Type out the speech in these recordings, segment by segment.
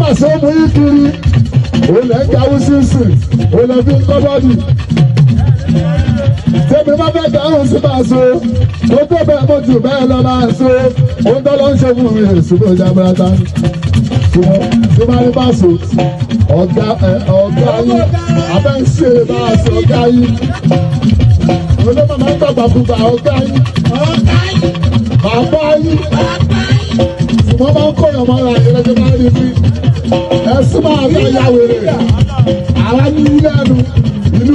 Pàsómù yìí kiri olè ń gawú sínsìn olè fi ń kọ́ bọ́dì. Tèmi má fẹ́ dáhùn sí Pàsó tó tó bẹ́ẹ̀ mo jù bẹ́ẹ̀ lọ máa so ohun tó lọ ń ṣe fún mi ìṣubú ìjà bàtà. Sumari Pàsó ọ̀gá ẹ̀ ọ̀gá yìí abẹ́ ń ṣe máa sọ ọ̀gá yìí. Olóòmọ̀ máa ń gbàgbà gbogbo ọ̀gá yìí. Ọ̀gá yìí. Bàbá yìí. Bàbá yìí. Sùmọ́ máa ń kọ̀yàn mọ́ra ìrẹsì máa rí bí.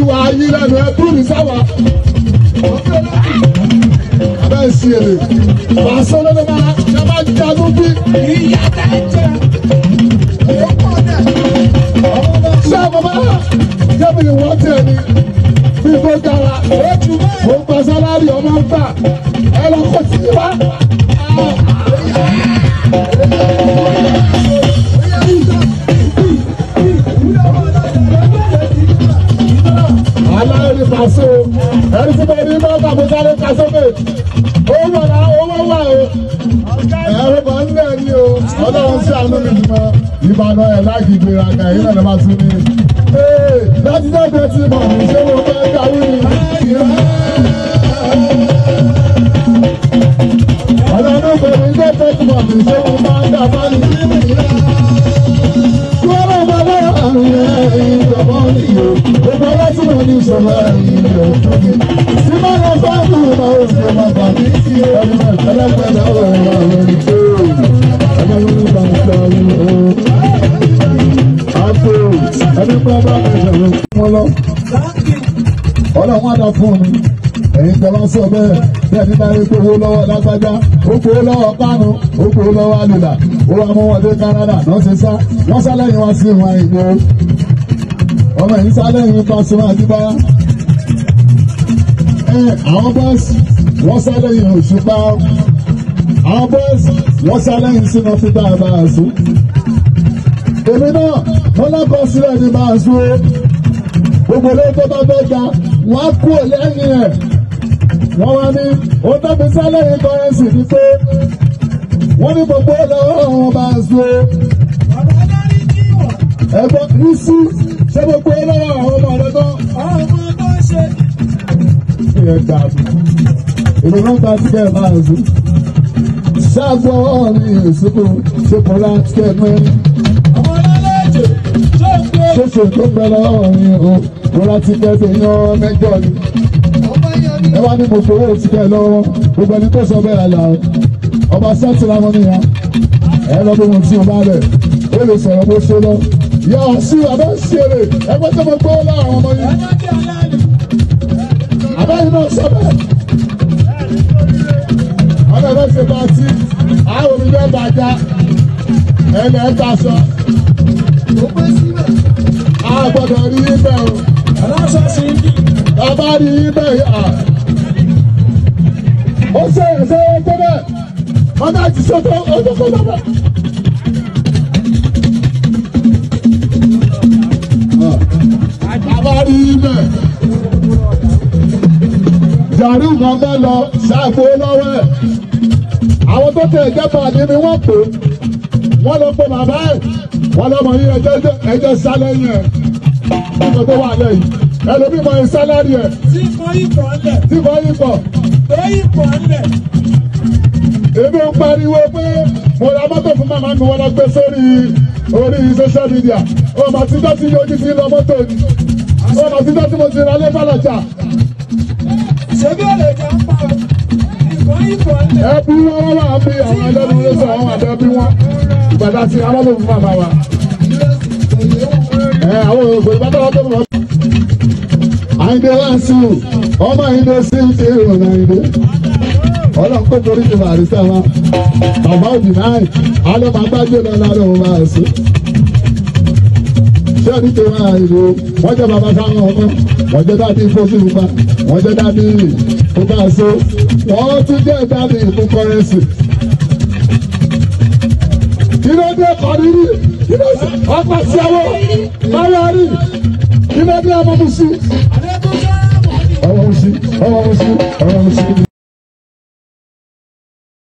wà á yí lẹ́nu ẹ dúró mi sáwà. abẹ́ sí èrè wà á sọ́nà ló máa ṣe máa jagun bí. ìyá ta jẹ ọkọ bàbá jẹ́bi ìwọ́n tiẹ̀ ni bí gara ó gba sálárì ọmọ ń ẹ lọ kọ́ sí wa. kàṣe o ẹni tí mo ní mọ́ kàmúsáré kàṣe pé owó wà á owó wà o ẹ̀rọ bọ̀ nílẹ̀ ni o ọlọ́run sí àánú mi jùlọ ìbànú ẹ̀ láàgì ìgbéra kà èyí náà lè máa tún ní. láti dẹ́gbẹ̀ẹ́ ti mọ̀ ṣé mo fẹ́ kàwé ọlọ́run kò ní dẹ́gbẹ̀ẹ́ ti mọ̀ ṣé mo máa ń dà bá ní. Gbọ́dọ̀ bàbá àrùn yẹn ìjọba ń ní ìṣọ̀lá ìlú òkè. Tí máa lọ bá àwọn ọmọ òṣèlú máa bà mí sí ọdún ẹlẹ́gbẹ̀dá ọ̀rọ̀ àwọn ẹni tó ẹgbẹ́ wọn bá ń sọ ọdún o. Àpò ẹni pé ọba mi sọ̀rọ̀ fún wọn lọ. Ọlọ́run á dá fún mi. Ẹ̀yin tẹ́lá sọ bẹ́ẹ̀ bẹ́ẹ̀ nígbà yẹn kówó lọ́wọ́ lágbájá, ó kówó lọ́wọ́ pánù, ó kówó lọ́wọ́ àlùlà, ó wà mú wọn dé Canada, lọ́sẹ̀ sá, wọ́n sá lẹ́yìn wá sí ìwọ̀n ìgboro ọmọ yìí sálẹ̀ yìí Pasuma Akíntọ́lá ẹ àwọn bọ́ọ̀sì wọ́n sálẹ̀ yìí Òṣùpá àwọn bọ́ọ̀sì wọ́n sálẹ̀ yìí sínú fúta àbáàsù èmi náà wọ́n lọ́kọ̀ sílẹ̀ ní báàsù o gbogbo ló tó bá fẹ́ ga wọ́n á kú lẹ́yìn ẹ̀ wọ́n wá ní ó tóbi sálẹ̀ yìí kọ́rẹ́sì ní pé wọ́n ní gbogbo lọ́wọ́ àwọn báàsù o ẹ̀gbọ́n ní sí ṣé gbogbo ẹ lọ́wọ́ àwọn ọmọ rẹ tán. àwọn ọmọ tó ń ṣe. ìyẹn gbà àbùkù èmi náà gba síkẹ́ máa ń sùn. ṣáàgbọ́ mi ìsìnkú ṣe kọ́ láti kẹ́ mẹ́. àwọn ọlọ́lẹ́jọ ṣé ń pè. ṣéṣe tó ń bẹ lọ́wọ́ mi o kó láti kẹ́ ṣe yan mẹ́jọ ni. ẹ wá ní mo fowó síkẹ́ lọ́wọ́ gbogbo ẹni tó ọba sẹ́tìlámọ́ ẹ lọ bí mo ti ń bá bẹ̀ ó lè sọ̀rọ̀ bó ṣe lọ yàásù abẹ́sẹ̀rẹ̀ ẹgbẹ́ tó mọ gbọ́ láàrin ọmọ yìí abẹ́yìn náà sọ bẹ́ẹ̀ ọ̀dọ̀ bẹ́ẹ̀ ṣe bá sí àwọn omi bẹ́ẹ̀ bá já ẹnì ẹ̀ ta sọ. a gbọ́dọ̀ rí i bẹ́ẹ̀ o. bàbá rí i bẹ́ẹ̀ yà. ó ṣe ìṣe tó bẹ́ẹ̀ mọ́tà ti ṣe tó ó tó kó tó bẹ́ẹ̀. kan bá lọ ṣáàgbó lọ́wọ́ ẹ̀ àwọn tó tẹ ẹ̀jẹ̀ pàdé mi wọ́n pè wọ́n lọ pé bàbá ẹ̀ wọ́n lọ́mọ yín ẹjẹ́ ẹjẹ́ sálẹ̀ yẹn ọkọ̀ tó wà lẹ́yìn ẹlòmíì mọ̀ ẹ́ sálárì ẹ̀. tí kò ipò ńlẹ̀. tí kò ipò. tó ipò ńlẹ̀. èmi ń pariwo pé mo ra mọ́tò fún màmá mi wọ́n lọ gbé sórí orí social media ọmọ àtijọ́ ti yọjú sí lọ mọ́tò ni ọmọ àtijọ́ tí mo ti ra lẹ́fàlàjà ẹbí wọn wá wà bí àwọn ẹlẹ́nu ló sọ àwọn àdá bí wọn ìgbàdá sí alábò fún bàbá ẹ àwọn òògùn ìbátá wọn tó mọ. àyìndé wá sí i ọmọ àyìndé sí i ṣe ìrọ̀lẹ́ àyìndé torí ti bàrí sẹ́wọ̀n bàbá òdì náà alẹ́ màá gbájú lọ lára òun máa sùn ṣé ní ti máa ìbò wọ́n jẹ́ bàbá sáwọn ọmọ wọ́n jẹ́ dábì fóṣù wọ́n jẹ́ dábì ìfúnpa wọ́n tún jẹ́ dábì ìfún kọ́rẹ́nsì. kí ló dé kọ́rìrì kí ló sì ọkọ̀ sí